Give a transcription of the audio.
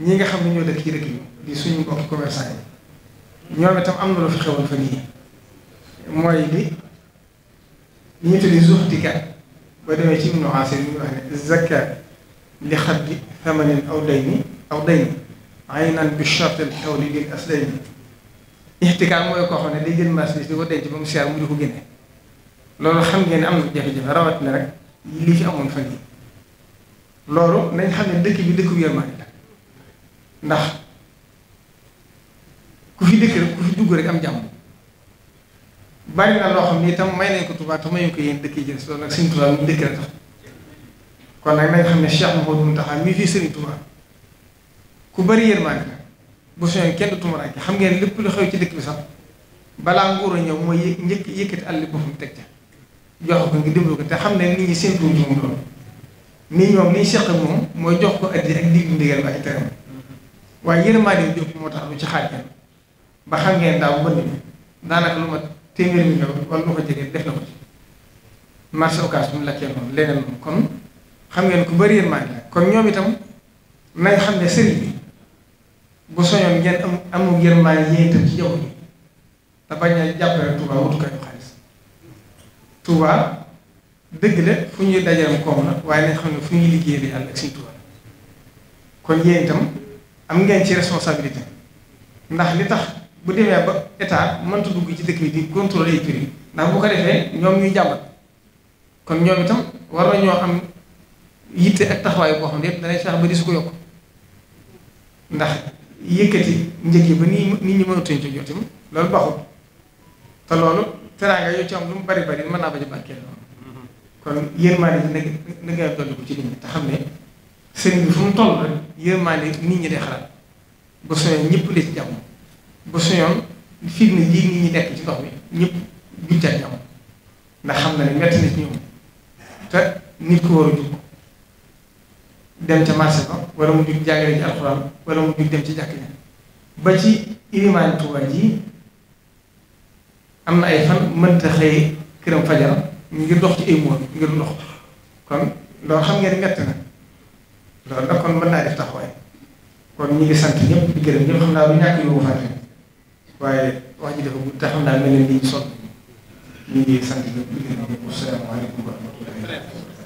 ñi nga xam ne ñoo dëkk ci dëkk yi di suñu mbokk commerçant yi ñoom itam am na lu fi xewoon fa nii mooy li ñu tuddi zuxtikat demee ci Ibnu Asiir ñu wax ne zakka li aw dayni aw dayni aynan bi shart al hawli lil aslayni ixtikaar mooy koo xam ne day jël marchandise di ko denc ba mu seer mu ko génne loolu xam ngeen ne am na jafe-jafe rawatina rek lii amoon fan yi loolu nañ xam ne dëkk bi dëkk bu yërmande la ndax ku fi dëkk rek ku fi dugg rek am jàmm bari na loo xam ne itam may nañ ko Tuubaa te mayuñ ko yéen dëkk yi jël loolu nag Sëriñ Tuubaa mu dëkk la xam ne Cheikh Mouhamadou Mountakha mii fii Sëriñ bari yërmande bu soñoon kenn du xam ngeen lépp lu ci dëkk sax balaa nguur a ñëw mooy njëkk yëkkati àll boppam teg te xam ne nit ñi seen tuuti moom loolu nit ñoom li ñu seq moom mooy jox ko addi ak diggu ndigal ba ay waaye yërmaande jóg moo tax ci xaaj ba xam ngeen daaw bënn daa daanaka lu ma téeméer mi wala lu ko jege def na ko ci marché occas bu mu lakkee noonu leneen moom kon xam ngeen ku bëri yërmaande la kon ñoom itam nañ xam ne sëriñ bi bu soñoon ngeen am amul yërmaande yéen itam ci jaww ji te bañ a jàppale Touba wutukaayu xaalis Touba dëgg la fu ñuy dajaram koom la waaye nañ xam ne fu ñuy liggéey di yàlla ak suñu Touba kon yéen itam am ngeen ci responsabilité ndax li tax bu demee ba état mënta dugg ci dëkk bi di contrôler prix yi ndax bu ko defee ñoom ñuy jàmbat kon ñoom itam war na ñoo am yitte ak taxawaay boo xam ne danay feex ba di su ko yokk ndax yëkkati njëg yi ba nii nit ñi mënatuñ ci jotim loolu baaxul te loolu teraanga yoo ci am lu mu bari bari mën naa ba ci barkeel mm-hmm. kon yéen maa ngi nekk na ngeen ko ci nit ñi te xam ne sëriñ bi fu mu toll rek yërmaande nit ñi de xalaat ba soñoon ñëpp de ci jàmm ba soñoon fitna lii nit ñi nekk ci ndox mi ñëpp duñ ca jàmm ndax xam na ne metti na ci ñoom te nit ku war a jug dem ca marché ba wala mu jug jàngale ci alxuraan wala mu jug dem ci jàkk ña ba ci ilimaan Tuuba ji am na ay fan mënta xëy këram fajar ngir dox ci ay moon ngir dox kon loolu xam ngeen metti na loolu nag kon mën naa def taxawaay kon ñi ngi sant ñëpp di gërëm xam naa lu ñàkk yu mu fàtte waaye wax ji dafa gudd te xam naa mel ni ñu sonn ñu ngi sant ñëpp di gërëm ñëpp salaamaaleykum wa rahmatulah